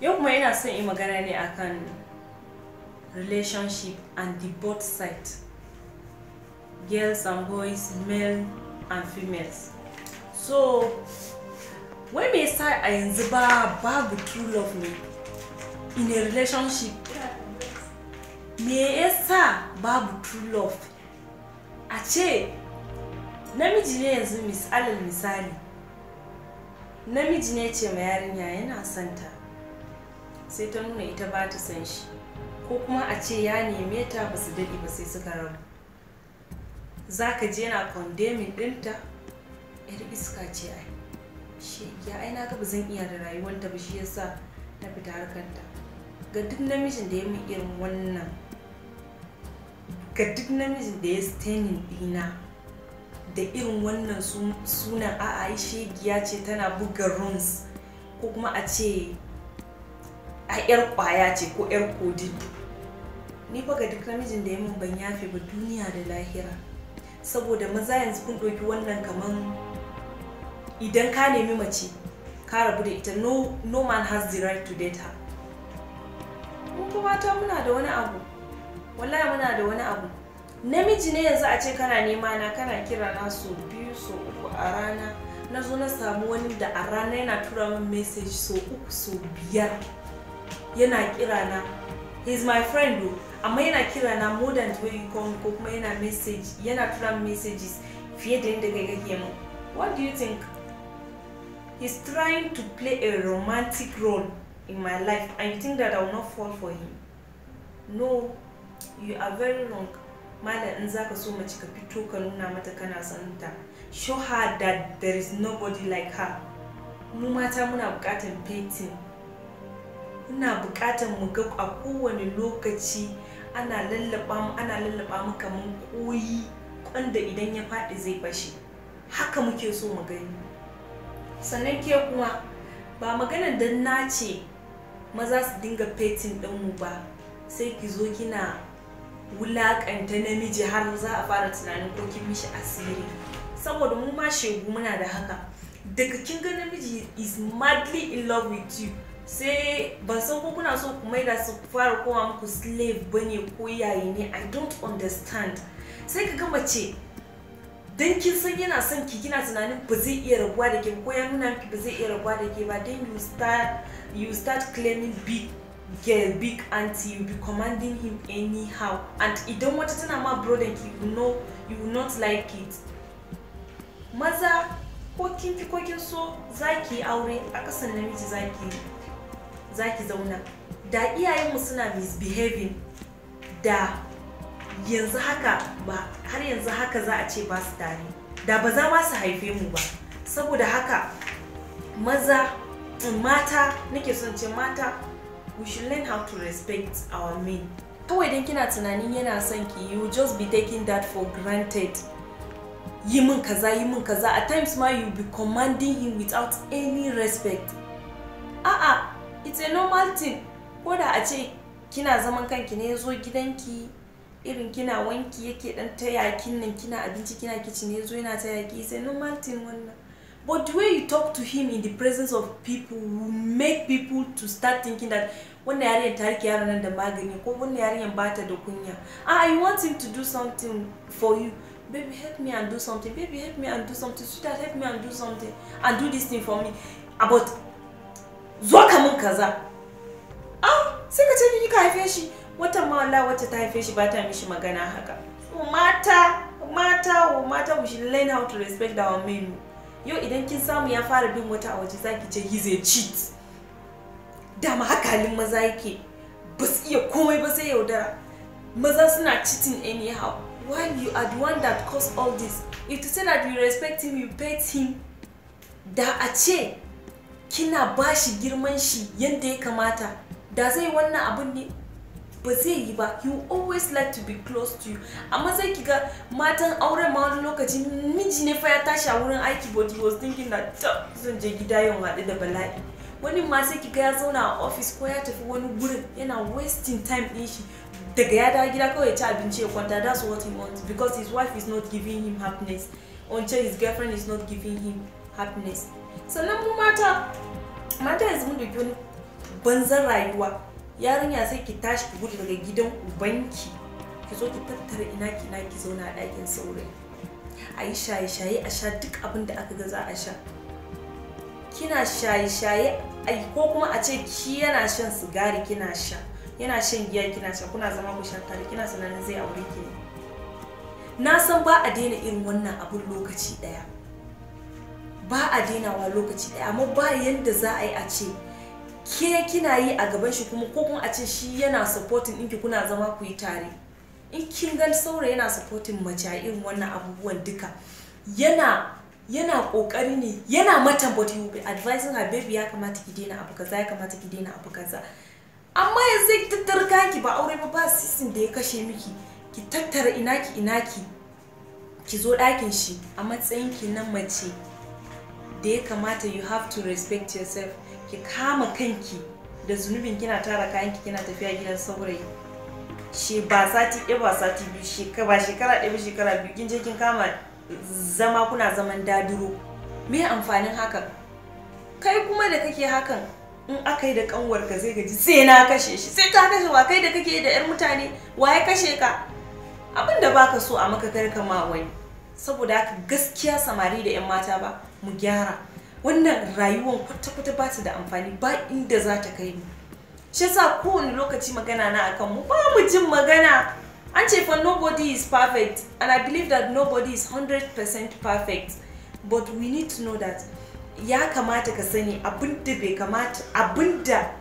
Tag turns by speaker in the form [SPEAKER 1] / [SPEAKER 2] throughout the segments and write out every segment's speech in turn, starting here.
[SPEAKER 1] yau kuma yana son yi magana ne akan relationship and the both side girls and boys male and females so wai me sa a yanzu ba babu true love ne in a relationship me yasa babu true love a ce namiji ne yanzu alal misali namiji ne ce ma yarinya yana santa sai ta nuna ita ba ta san shi ko kuma a ce ya neme ta ba su daɗi ba sai suka rabu za ka je na condemning ɗinta yar iska ce ai shi ya ai na ba zan iya da rayuwarta ba shi yasa na fita harkanta ga duk namijin da ya min irin wannan ga duk namijin da ya ɗina da irin wannan sunan a'a shegiya ce tana buga runs ko kuma a ce a yar kwaya ce ko yar kodi ni fa ga duk namijin da ya mun ban yafe ba duniya da lahira saboda maza yanzu kun ɗauki wannan kaman idan ka nemi mace ka rabu da ita no, no man has the right to date her kun kuma ta muna da wani abu wallahi muna da wani abu namiji ne yanzu a ce kana nema na kana kira na so biyu so uku a rana na zo na samu wani da a rana yana tura min message so uku so biyar yana kira na he's my friend o amma yana kira na more than the way you call ko kuma yana message yana tura messages fiye da yadda kai kake mu what do you think he's trying to play a romantic role in my life and you think that I will not fall for him no you are very wrong malam in zaka so mace ka fito ka nuna mata kana son ta show her that there is nobody like her mu mata muna bukatan painting muna buƙatar mu ga a kowane lokaci ana lallaba mu ana lallaba mu kaman koyi kwanda idan ya faɗi zai fashe haka muke so mu gani sannan ke kuma ba maganar da na ce maza su dinga fetin ɗinmu ba sai ki zo kina wulaƙanta namiji har za a fara tunanin ko kin mishi asiri saboda mu ma shegu muna da haka daga kin ga namiji is madly in love with you sai ban san ko kuna so ku maida su fara kowa muku slave bane ko yayi ne i don't understand sai ka ga mace dan kin san yana son ki kina tunanin ba zai iya rabuwa da ke ko ya nuna miki ba zai iya rabuwa da ke ba then you start you start claiming big girl big auntie you be commanding him anyhow and idan wata tana ma brother ki you know you will not like it maza ko kin fi ko kin so zaki aure a kasan namiji zaki zaki zauna da iyayenmu suna misbehaving da yanzu haka ba har yanzu haka za a ce ba su tare da ba za ma su haife mu ba saboda haka maza mata nake son ce mata we should learn how to respect our men kawai don kina tunanin yana son ki you just be taking that for granted yi min kaza yi min kaza at times ma you be commanding him without any respect a'a it's a normal thing ko da a ce kina zaman kanki ne zo gidanki irin kina wanki yake dan taya nan kina abinci kina kici ne zo yana taya ki it's a normal thing wannan but the way you talk to him in the presence of people will make people to start thinking that wannan yarinyar ta rike yaran nan da magani ko wannan yarinyar ba ta da kunya ah i want him to do something for you baby help me and do something baby help me and do something sweetheart help me and do something and do this thing for me about ah, zo ka min kaza ah sai ka ce ni ka haife shi wata ma wallahi wacce ta haife shi ba ta mishi magana haka mata mata wo oh, mata we should learn how to respect our men yau idan kin samu ya fara bin wata a waje zaki ce he's a cheat dama haka halin maza yake ba su iya komai ba sai yaudara maza suna cheating anyhow while you are the one that caused all this if to say that you respect him you pet him da a ce kina ba shi girman shi yadda ya kamata da zai wannan abin ne ba zai yi ba you always like to be close to you amma sai ga matan auren ma wani lokaci miji ne fa ya tashi a wurin aiki but he was thinking that zan je gida yau haɗu da bala'i wani ma sai ga ya zauna a office ko ya tafi wani gurin yana wasting time ɗin shi daga ya dawo gida kawai ya ci abinci ya kwanta that's what he wants because his wife is not giving him happiness until his girlfriend is not giving him happiness sannan mu mata mata yanzu mun dauki wani banzan rayuwa yarinya sai ki tashi ki gudu daga gidan ubanki ki zo ki tattara ina ki na ki zauna a ɗakin saurayi a yi shaye-shaye a sha duk abin da aka ga za a sha kina shaye-shaye ko kuma a ce ki yana shan sigari kina sha yana shan giya kina sha kuna zama ku sha tare kina sanannen zai aure ki ne na san ba a daina irin wannan abun lokaci ɗaya ba a wa lokaci ɗaya amma ba yadda za a yi a ce ke kina yi a gaban shi kuma ko kuma a ce shi yana supporting inki kuna zama ku yi tare in kin gan saura yana supporting mace a irin wannan abubuwan duka yana yana kokari ne yana mata but you be advising her baby ya kamata ki daina abu kaza ya kamata ki daina abu kaza amma yanzu ki tattara ki ba aure ba ba sisin da ya kashe miki ki tattara inaki inaki ki zo dakin shi a matsayin ki nan mace da ya kamata you have to respect yourself ki kama kanki da zunubin kina tara kayanki kina tafiya gidan saurayi shi ba sati ɗaya ba sati biyu ba shekara ɗaya ba shekara biyu kin je kin kama zama kuna zaman dadiro me amfanin hakan kai kuma da kake hakan in aka yi da kanwar ka zai gaji sai na kashe shi sai ka kashe wa kai da kake da yar mutane wa ya kashe ka Abinda baka so a maka karka ma wani saboda haka gaskiya samari da yan mata ba mu gyara wannan rayuwar kwata-kwata ba ta da amfani ba inda za ta kai mu shi sa kowane lokaci magana na akan mu ba mu jin magana an ce fa nobody is perfect and i believe that nobody is 100% perfect but we need to know that ya kamata ka sani abinda da bai kamata abinda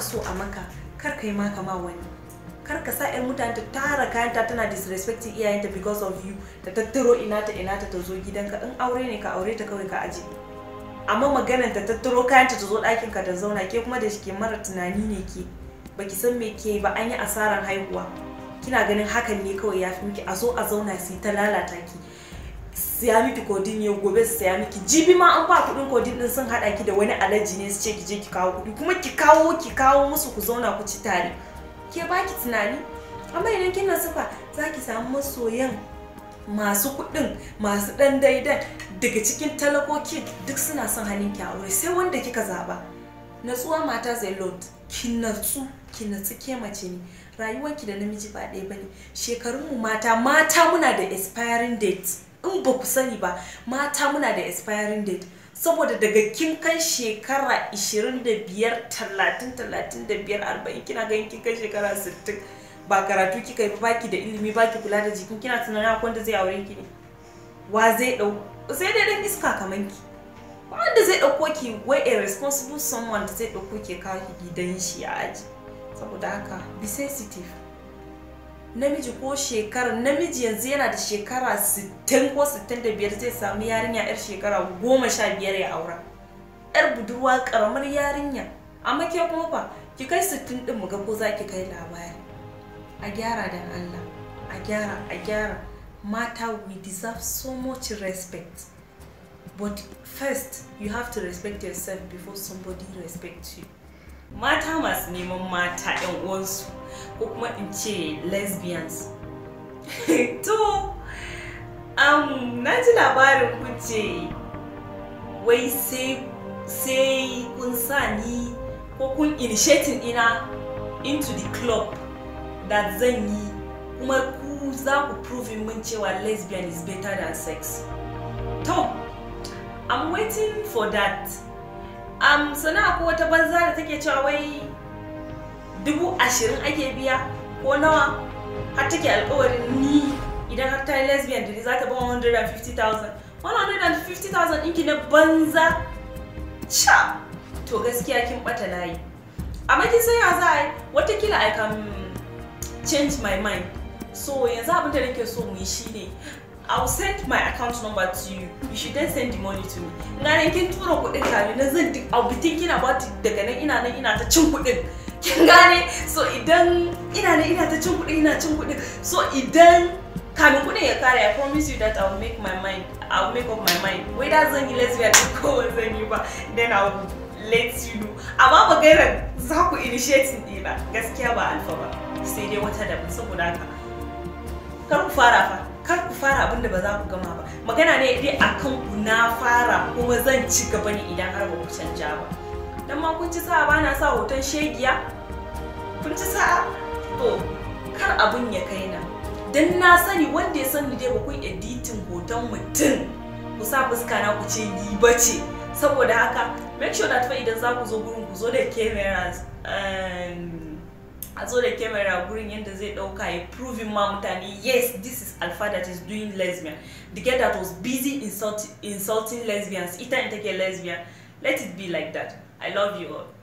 [SPEAKER 1] so a maka kar ka yi maka ma wani kar ka sa yar mutane ta tara kayanta tana disrespecting iyayenta because of you ta tattaro ina ta ina ta zo gidanka in aure ne ka aure ta kawai ka aji. amma maganar ta tattaro kayanta ta zo ɗakin ka ta zauna ke kuma da shi ke mara tunani ne ke Ba ki san me ke ba an yi asarar haihuwa kina ganin hakan ne kawai ya fi miki a zo a zauna sai ta lalata ki siya miki kodin yau gobe su siya miki jibi ma an ba kudin kodin din sun hada ki da wani alaji ne su ce ki je ki kawo kudi kuma ki kawo ki kawo musu ku zauna ku ci tare ke baki tunani amma idan kina sufa za ki samu masoyan masu kuɗin masu ɗan daidan daga cikin talakoki duk suna son hannun ki aure sai wanda kika zaba natsuwa mata zailot ki natsu ki natsu ke mace ne rayuwarki da namiji ba ɗaya bane mu mata mata muna da expiring date in ba ku sani ba mata muna da expiring date saboda daga kin kai shekara 25 30 35 40 kina ganin kin kai shekara 60 ba karatu kika yi ba baki da ilimi baki kula da jikin kina tunanin akwai wanda zai aure ki ne wa zai dau sai dai dan iska kaman ki wanda zai dauko ki wai a responsible someone zai dauko ki kawo ki gidan shi a aji saboda haka be sensitive namiji ko shekara namiji yanzu yana da shekara 60 ko 65 zai samu yarinya yar shekara 15 ya aura yar budurwa karamar yarinya amma ke kuma fa ki kai 60 din ga ko zaki kai labari a gyara dan Allah a gyara a gyara mata we deserve so much respect but first you have to respect yourself before somebody respects you mata masu neman mata 'yan uwansu ko kuma in ce lesbians to um, na ji labarin kun ce wai sai kun sa ni ko kun initiating ina into the club that zan yi kuma ku za ku prove min cewa lesbian is better than sex to i'm waiting for that um, sana akwai wata banza da take cewa wai dubu ashirin ake biya ko nawa har take alkawarin ni idan har ta yi lesbian da za ta ba 150,000 150,000 ɗinki na banza ca to gaskiya kin bata layi amma kin san ya za a yi watakila i can change my mind so yanzu abin da nake so mu yi shine I'll send my account number to you. You should then send the money to me. Ina nan kin tura kuɗin kami na zan I'll be thinking about it daga nan ina nan ina ta cin kuɗin. kin gane so idan ina ne ina ta cin kuɗi ina cin kuɗi so idan kamin kuɗin ya kare I promise you that I will make my mind I will make up my mind whether zan yi lesbian ko ba zan yi ba then I will let you know amma maganar za ku initiating ɗina gaskiya ba alfa ba sai dai wata daban saboda haka kar ku fara fa kar ku fara abinda ba za ku gama ba magana ne dai akan ku na fara kuma zan ci gaba ne idan har ba ku canja ba dan ma kun ci sa'a bana sa hoton shegiya kun ci sa'a to kar abun ya kai na dan na sani wanda ya sani dai ba kun editin hoton mutum ku sa fuska na ku ce ni bace saboda haka make sure that fa idan za ku zo gurin ku zo da cameras um, a zo da camera gurin yadda zai dauka ya proving ma mutane yes this is alpha that is doing lesbian the girl that was busy insulting lesbians ita ne take lesbian let it be like that I love you all.